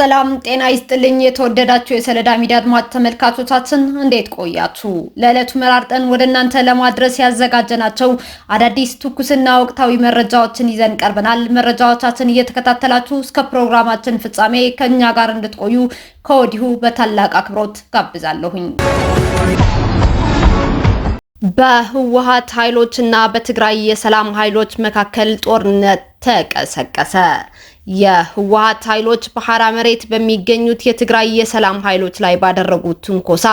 ሰላም ጤና ይስጥልኝ። የተወደዳችሁ የሰለዳ ሚዲያ አድማጭ ተመልካቾቻችን እንዴት ቆያችሁ? ለዕለቱ መራርጠን ወደ እናንተ ለማድረስ ያዘጋጀናቸው አዳዲስ ትኩስና ወቅታዊ መረጃዎችን ይዘን ቀርበናል። መረጃዎቻችን እየተከታተላችሁ እስከ ፕሮግራማችን ፍጻሜ ከእኛ ጋር እንድትቆዩ ከወዲሁ በታላቅ አክብሮት ጋብዛለሁኝ። በህወሓት እና በትግራይ የሰላም ኃይሎች መካከል ጦርነት ተቀሰቀሰ። የህወሀት ኃይሎች በሐራ መሬት በሚገኙት የትግራይ የሰላም ኃይሎች ላይ ባደረጉት ትንኮሳ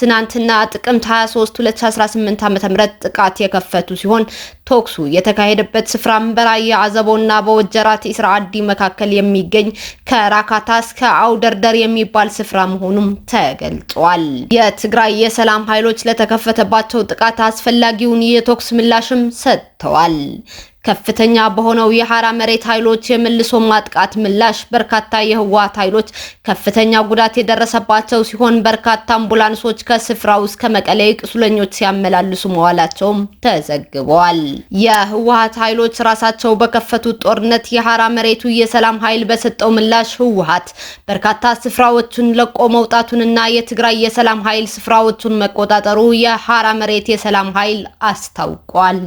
ትናንትና ጥቅምት 23 2018 ም ጥቃት የከፈቱ ሲሆን ተኩሱ የተካሄደበት ስፍራም በራያ አዘቦና በወጀራት ኢስራ መካከል የሚገኝ ከራካታ እስከ አውደርደር የሚባል ስፍራ መሆኑም ተገልጿል። የትግራይ የሰላም ኃይሎች ለተከፈተባቸው ጥቃት አስፈላጊውን የተኩስ ምላሽም ሰጥተዋል። ከፍተኛ በሆነው የሐራ መሬት ኃይሎች የመልሶ ማጥቃት ምላሽ በርካታ የህወሓት ኃይሎች ከፍተኛ ጉዳት የደረሰባቸው ሲሆን በርካታ አምቡላንሶች ከስፍራው እስከ መቀሌ ቁስለኞች ሲያመላልሱ መዋላቸውም ተዘግበዋል። የህወሓት ኃይሎች ራሳቸው በከፈቱት ጦርነት የሐራ መሬቱ የሰላም ኃይል በሰጠው ምላሽ ህወሓት በርካታ ስፍራዎቹን ለቆ መውጣቱንና የትግራይ የሰላም ኃይል ስፍራዎቹን መቆጣጠሩ የሐራ መሬት የሰላም ኃይል አስታውቋል።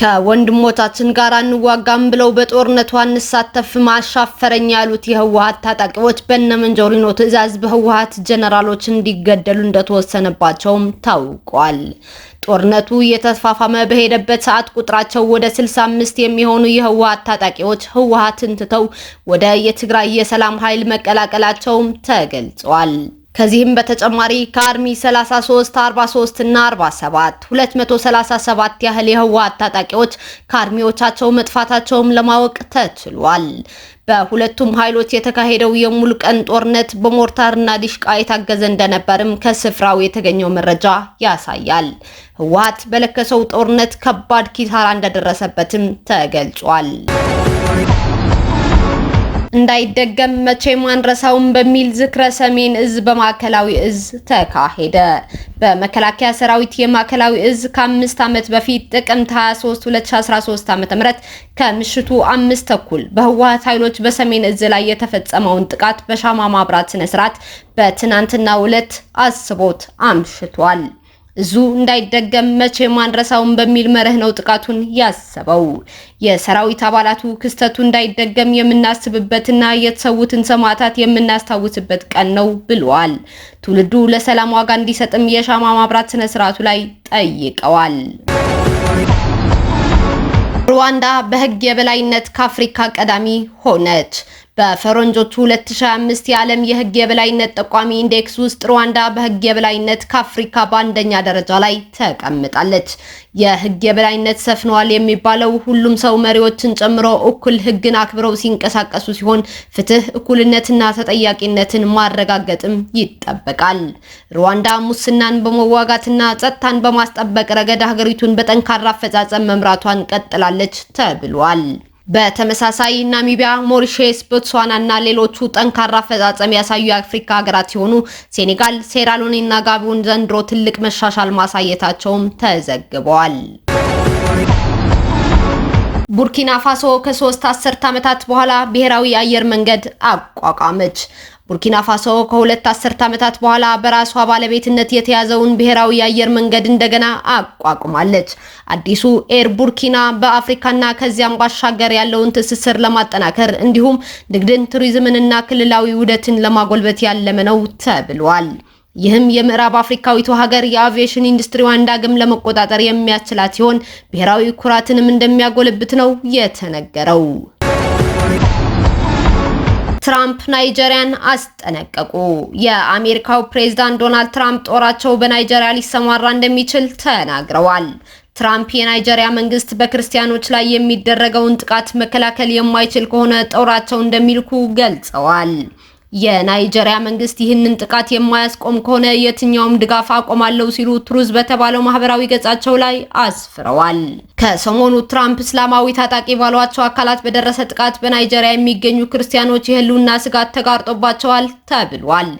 ከወንድሞቻችን ጋር አንዋጋም ብለው በጦርነቱ አንሳተፍም ማሻፈረኝ ያሉት የህወሀት ታጣቂዎች በነመንጆሪኖ ትዕዛዝ በህወሀት ጀነራሎች እንዲገደሉ እንደተወሰነባቸውም ታውቋል። ጦርነቱ እየተፋፋመ በሄደበት ሰዓት ቁጥራቸው ወደ 65 የሚሆኑ የህወሀት ታጣቂዎች ህወሀትን ትተው ወደ የትግራይ የሰላም ኃይል መቀላቀላቸውም ተገልጿል። ከዚህም በተጨማሪ ከአርሚ 33 43 እና 47 237 ያህል የህወሓት ታጣቂዎች ከአርሚዎቻቸው መጥፋታቸውም ለማወቅ ተችሏል። በሁለቱም ኃይሎች የተካሄደው የሙሉ ቀን ጦርነት በሞርታርና ዲሽቃ የታገዘ እንደነበርም ከስፍራው የተገኘው መረጃ ያሳያል። ህወሓት በለከሰው ጦርነት ከባድ ኪሳራ እንደደረሰበትም ተገልጿል። እንዳይደገም መቼ ማንረሳውን በሚል ዝክረ ሰሜን እዝ በማዕከላዊ እዝ ተካሄደ። በመከላከያ ሰራዊት የማዕከላዊ እዝ ከአምስት ዓመት በፊት ጥቅምት 23 2013 ም ከምሽቱ አምስት ተኩል በህወሀት ኃይሎች በሰሜን እዝ ላይ የተፈጸመውን ጥቃት በሻማ ማብራት ስነስርዓት በትናንትናው ዕለት አስቦት አምሽቷል። እዙ እንዳይደገም መቼ ማንረሳውን በሚል መርህ ነው ጥቃቱን ያሰበው። የሰራዊት አባላቱ ክስተቱ እንዳይደገም የምናስብበትና የተሰዉትን ሰማዕታት የምናስታውስበት ቀን ነው ብለዋል። ትውልዱ ለሰላም ዋጋ እንዲሰጥም የሻማ ማብራት ስነ ስርዓቱ ላይ ጠይቀዋል። ሩዋንዳ በህግ የበላይነት ከአፍሪካ ቀዳሚ ሆነች። በፈረንጆቹ 2025 የዓለም የህግ የበላይነት ጠቋሚ ኢንዴክስ ውስጥ ሩዋንዳ በህግ የበላይነት ከአፍሪካ በአንደኛ ደረጃ ላይ ተቀምጣለች። የህግ የበላይነት ሰፍነዋል የሚባለው ሁሉም ሰው መሪዎችን ጨምሮ እኩል ህግን አክብረው ሲንቀሳቀሱ ሲሆን ፍትህ፣ እኩልነትና ተጠያቂነትን ማረጋገጥም ይጠበቃል። ሩዋንዳ ሙስናን በመዋጋትና ጸጥታን በማስጠበቅ ረገድ ሀገሪቱን በጠንካራ አፈጻጸም መምራቷን ቀጥላለች ተብሏል። በተመሳሳይ ናሚቢያ፣ ሞሪሼስ፣ ቦትስዋና እና ሌሎቹ ጠንካራ አፈጻጸም ያሳዩ የአፍሪካ ሀገራት ሲሆኑ ሴኔጋል፣ ሴራሎኒ እና ጋቢውን ዘንድሮ ትልቅ መሻሻል ማሳየታቸውም ተዘግበዋል። ቡርኪና ፋሶ ከሶስት አስርት ዓመታት በኋላ ብሔራዊ የአየር መንገድ አቋቋመች። ቡርኪና ፋሶ ከሁለት አስርት ዓመታት በኋላ በራሷ ባለቤትነት የተያዘውን ብሔራዊ የአየር መንገድ እንደገና አቋቁማለች። አዲሱ ኤር ቡርኪና በአፍሪካና ከዚያም ባሻገር ያለውን ትስስር ለማጠናከር እንዲሁም ንግድን፣ ቱሪዝምንና ክልላዊ ውህደትን ለማጎልበት ያለመ ነው ተብሏል። ይህም የምዕራብ አፍሪካዊቱ ሀገር የአቪዬሽን ኢንዱስትሪዋን ዳግም ለመቆጣጠር የሚያስችላት ሲሆን ብሔራዊ ኩራትንም እንደሚያጎለብት ነው የተነገረው። ትራምፕ ናይጀሪያን አስጠነቀቁ። የአሜሪካው ፕሬዝዳንት ዶናልድ ትራምፕ ጦራቸው በናይጀሪያ ሊሰማራ እንደሚችል ተናግረዋል። ትራምፕ የናይጀሪያ መንግስት በክርስቲያኖች ላይ የሚደረገውን ጥቃት መከላከል የማይችል ከሆነ ጦራቸው እንደሚልኩ ገልጸዋል። የናይጀሪያ መንግስት ይህንን ጥቃት የማያስቆም ከሆነ የትኛውም ድጋፍ አቆማለሁ ሲሉ ትሩዝ በተባለው ማህበራዊ ገጻቸው ላይ አስፍረዋል። ከሰሞኑ ትራምፕ እስላማዊ ታጣቂ ባሏቸው አካላት በደረሰ ጥቃት በናይጀሪያ የሚገኙ ክርስቲያኖች የህልውና ስጋት ተጋርጦባቸዋል ተብሏል።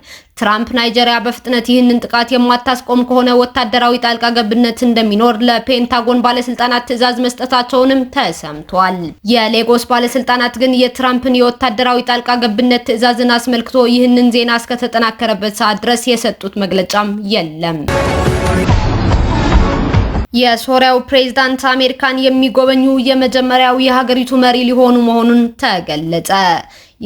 ትራምፕ ናይጄሪያ በፍጥነት ይህንን ጥቃት የማታስቆም ከሆነ ወታደራዊ ጣልቃ ገብነት እንደሚኖር ለፔንታጎን ባለስልጣናት ትዕዛዝ መስጠታቸውንም ተሰምቷል። የሌጎስ ባለስልጣናት ግን የትራምፕን የወታደራዊ ጣልቃ ገብነት ትዕዛዝን አስመልክቶ ይህንን ዜና እስከተጠናከረበት ሰዓት ድረስ የሰጡት መግለጫም የለም። የሶሪያው ፕሬዝዳንት አሜሪካን የሚጎበኙ የመጀመሪያው የሀገሪቱ መሪ ሊሆኑ መሆኑን ተገለጸ።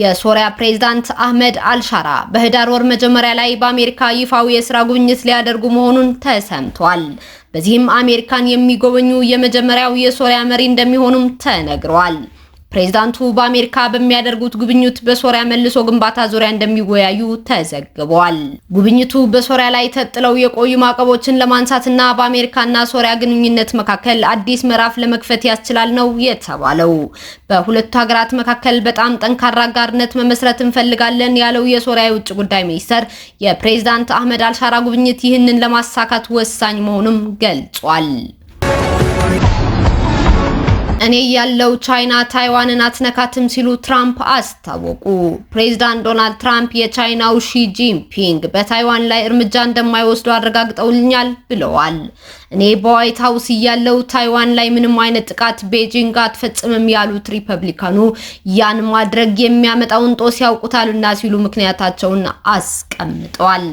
የሶሪያ ፕሬዝዳንት አህመድ አልሻራ በህዳር ወር መጀመሪያ ላይ በአሜሪካ ይፋዊ የስራ ጉብኝት ሊያደርጉ መሆኑን ተሰምቷል። በዚህም አሜሪካን የሚጎበኙ የመጀመሪያው የሶሪያ መሪ እንደሚሆኑም ተነግሯል። ፕሬዝዳንቱ በአሜሪካ በሚያደርጉት ጉብኝት በሶሪያ መልሶ ግንባታ ዙሪያ እንደሚወያዩ ተዘግቧል። ጉብኝቱ በሶሪያ ላይ ተጥለው የቆዩ ማዕቀቦችን ለማንሳትና በአሜሪካና ሶሪያ ግንኙነት መካከል አዲስ ምዕራፍ ለመክፈት ያስችላል ነው የተባለው። በሁለቱ ሀገራት መካከል በጣም ጠንካራ አጋርነት መመስረት እንፈልጋለን ያለው የሶሪያ የውጭ ጉዳይ ሚኒስተር የፕሬዝዳንት አህመድ አልሻራ ጉብኝት ይህንን ለማሳካት ወሳኝ መሆኑም ገልጿል። እኔ ያለው ቻይና ታይዋንን አትነካትም ሲሉ ትራምፕ አስታወቁ። ፕሬዚዳንት ዶናልድ ትራምፕ የቻይናው ሺ ጂንፒንግ በታይዋን ላይ እርምጃ እንደማይወስዱ አረጋግጠውልኛል ብለዋል። እኔ በዋይት ሀውስ ያለው ታይዋን ላይ ምንም አይነት ጥቃት ቤጂንግ አትፈጽምም ያሉት ሪፐብሊካኑ ያን ማድረግ የሚያመጣውን ጦስ ያውቁታልና ሲሉ ምክንያታቸውን አስቀምጠዋል።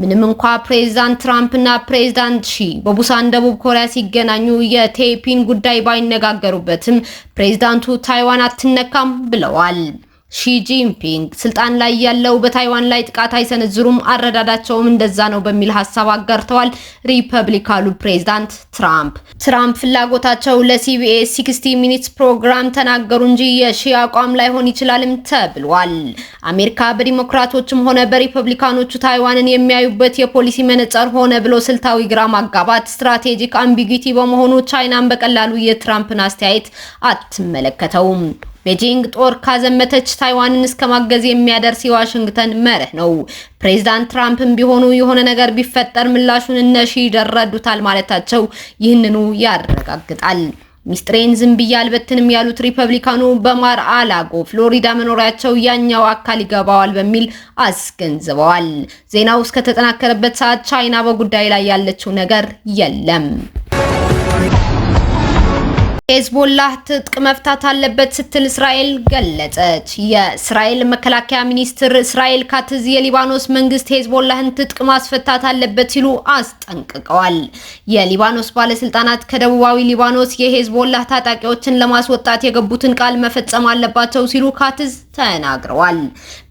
ምንም እንኳ ፕሬዚዳንት ትራምፕና ፕሬዚዳንት ሺ በቡሳን ደቡብ ኮሪያ ሲገናኙ የቴፒን ጉዳይ ባይነጋገሩበት የለበትም። ፕሬዝዳንቱ ታይዋን አትነካም ብለዋል። ሺጂንፒንግ ስልጣን ላይ ያለው በታይዋን ላይ ጥቃት አይሰነዝሩም፣ አረዳዳቸውም እንደዛ ነው በሚል ሀሳብ አጋርተዋል ሪፐብሊካሉ ፕሬዚዳንት ትራምፕ። ትራምፕ ፍላጎታቸው ለሲቢኤስ 60 ሚኒትስ ፕሮግራም ተናገሩ እንጂ የሺ አቋም ላይሆን ይችላልም ተብሏል። አሜሪካ በዲሞክራቶችም ሆነ በሪፐብሊካኖቹ ታይዋንን የሚያዩበት የፖሊሲ መነጽር ሆነ ብሎ ስልታዊ ግራ ማጋባት ስትራቴጂክ አምቢጊቲ በመሆኑ ቻይናን በቀላሉ የትራምፕን አስተያየት አትመለከተውም። ቤጂንግ ጦር ካዘመተች ታይዋንን እስከ ማገዝ የሚያደርስ የዋሽንግተን መርህ ነው። ፕሬዚዳንት ትራምፕም ቢሆኑ የሆነ ነገር ቢፈጠር ምላሹን እነሺ ይደረዱታል ማለታቸው ይህንኑ ያረጋግጣል። ሚስጥሬን ዝም ብዬ አልበትንም ያሉት ሪፐብሊካኑ በማር አላጎ ፍሎሪዳ መኖሪያቸው ያኛው አካል ይገባዋል በሚል አስገንዝበዋል። ዜናው እስከተጠናከረበት ሰዓት ቻይና በጉዳይ ላይ ያለችው ነገር የለም። ሄዝቦላህ ትጥቅ መፍታት አለበት ስትል እስራኤል ገለጸች። የእስራኤል መከላከያ ሚኒስትር እስራኤል ካትዝ የሊባኖስ መንግስት ሄዝቦላህን ትጥቅ ማስፈታት አለበት ሲሉ አስጠንቅቀዋል። የሊባኖስ ባለስልጣናት ከደቡባዊ ሊባኖስ የሄዝቦላህ ታጣቂዎችን ለማስወጣት የገቡትን ቃል መፈጸም አለባቸው ሲሉ ካትዝ ተናግረዋል።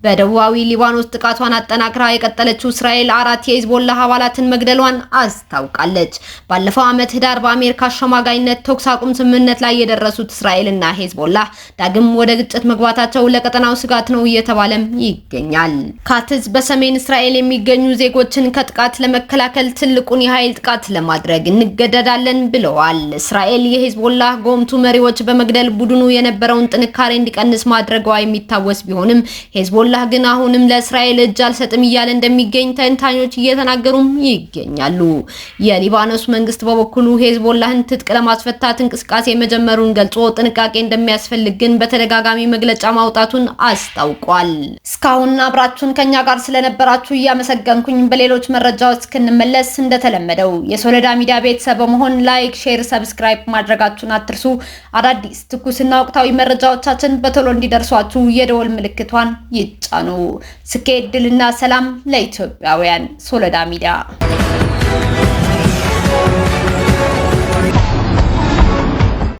በደቡባዊ ሊባኖስ ጥቃቷን አጠናክራ የቀጠለችው እስራኤል አራት የሄዝቦላህ አባላትን መግደሏን አስታውቃለች። ባለፈው ዓመት ህዳር በአሜሪካ አሸማጋይነት ተኩስ አቁም ስምምነት ስምምነት ላይ የደረሱት እስራኤልና ሄዝቦላ ዳግም ወደ ግጭት መግባታቸው ለቀጠናው ስጋት ነው እየተባለም ይገኛል። ካትዝ በሰሜን እስራኤል የሚገኙ ዜጎችን ከጥቃት ለመከላከል ትልቁን የኃይል ጥቃት ለማድረግ እንገደዳለን ብለዋል። እስራኤል የሄዝቦላ ጎምቱ መሪዎች በመግደል ቡድኑ የነበረውን ጥንካሬ እንዲቀንስ ማድረጓ የሚታወስ ቢሆንም ሄዝቦላ ግን አሁንም ለእስራኤል እጅ አልሰጥም እያለ እንደሚገኝ ተንታኞች እየተናገሩም ይገኛሉ። የሊባኖስ መንግስት በበኩሉ ሄዝቦላህን ትጥቅ ለማስፈታት እንቅስቃሴ መጀመሩን ገልጾ ጥንቃቄ እንደሚያስፈልግ ግን በተደጋጋሚ መግለጫ ማውጣቱን አስታውቋል። እስካሁን አብራችሁን ከኛ ጋር ስለነበራችሁ እያመሰገንኩኝ በሌሎች መረጃዎች እስክንመለስ እንደተለመደው የሶለዳ ሚዲያ ቤተሰብ በመሆን ላይክ፣ ሼር፣ ሰብስክራይብ ማድረጋችሁን አትርሱ። አዳዲስ ትኩስና ወቅታዊ መረጃዎቻችን በቶሎ እንዲደርሷችሁ የደወል ምልክቷን ይጫኑ። ስኬት፣ ድልና ሰላም ለኢትዮጵያውያን። ሶለዳ ሚዲያ